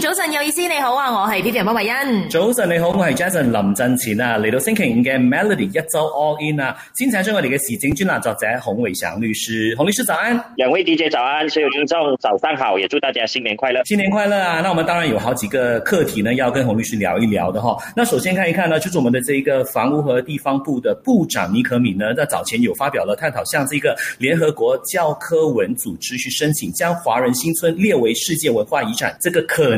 早晨有意思，你好啊，我係 DJ 馬慧恩。B B I n、早晨你好，我係 Jason 林振前啊，Little Thinking a g a i n Melody 一周 All In 啊，先請將我哋嘅時精券啊，作者洪偉祥律師，洪律師早安，兩位 DJ 早安，所有聽眾早上好，也祝大家新年快樂，新年快樂啊！那我們當然有好幾個課題呢，要跟洪律師聊一聊的哈。那首先看一看呢，就是我們的這個房屋和地方部的部長倪可敏呢，在早前有發表了探討，向這個聯合國教科文組織去申請將華人新村列為世界文化遺產，這個可。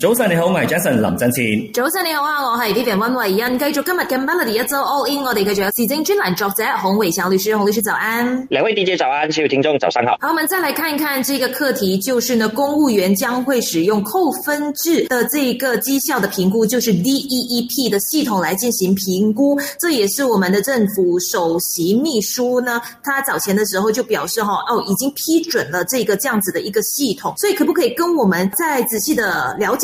早晨你好，我係 Jason 林振前。早晨你好啊，我係 Vivian One 溫慧欣。繼續今日嘅 Melody 一周 All In，我哋嘅仲有時政專欄作者洪偉祥律師，洪律師早安。兩位 DJ 早安，所有聽眾早上好。好，我們再來看一看呢個課題，就是呢公務員將會使用扣分制的呢個績效的評估，就是 DEEP 的系統來進行評估。這也是我們的政府首席秘書呢，他早前的時候就表示，哦已經批准了這個這樣子的一個系統。所以可不可以跟我們再仔細的了解？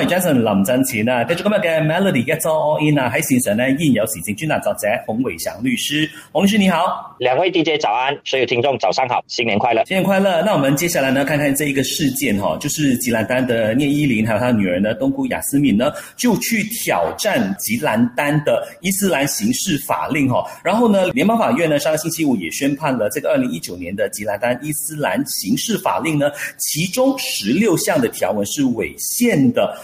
係 Jason 林振前啊，跟住今日嘅 Melody get all in 啊，喺線上咧依然有時政專欄作者洪偉祥律師，洪律師你好，兩位 DJ 早安，所有聽眾早上好，新年快樂，新年快樂。那我們接下來呢，看看這一個事件哈、哦，就是吉蘭丹的聶依琳，還有他女兒呢，東姑雅思敏呢，就去挑戰吉蘭丹的伊斯蘭刑事法令哈、哦。然後呢，聯邦法院呢，上個星期五也宣判了，這個二零一九年的吉蘭丹伊斯蘭刑事法令呢，其中十六項的條文是違憲的。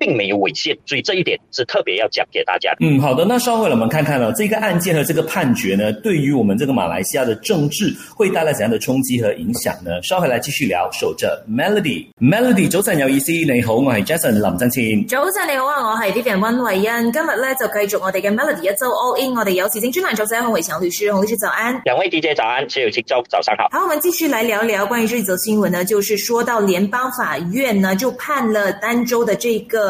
並沒有猥褻，所以這一點是特別要講給大家。嗯，好的，那稍後來我們看看了、啊、這個案件和這個判決呢，對於我們這個馬來西亞的政治會帶來怎樣的衝擊和影響呢？稍後來繼續聊。守着 Melody，Melody，早晨有意思，你、嗯、好，我係 Jason 林振前。早晨你好啊，這個、我係 Vivian 歐文。今日咧就繼續我哋嘅 Melody 一周 All In，我哋有時事專欄作者洪偉強律師，洪律師早安。兩位 DJ 早安，逍有節周早上好。好，我們繼續來聊聊關於這則新聞呢，就是說到聯邦法院呢就判了丹州的這個。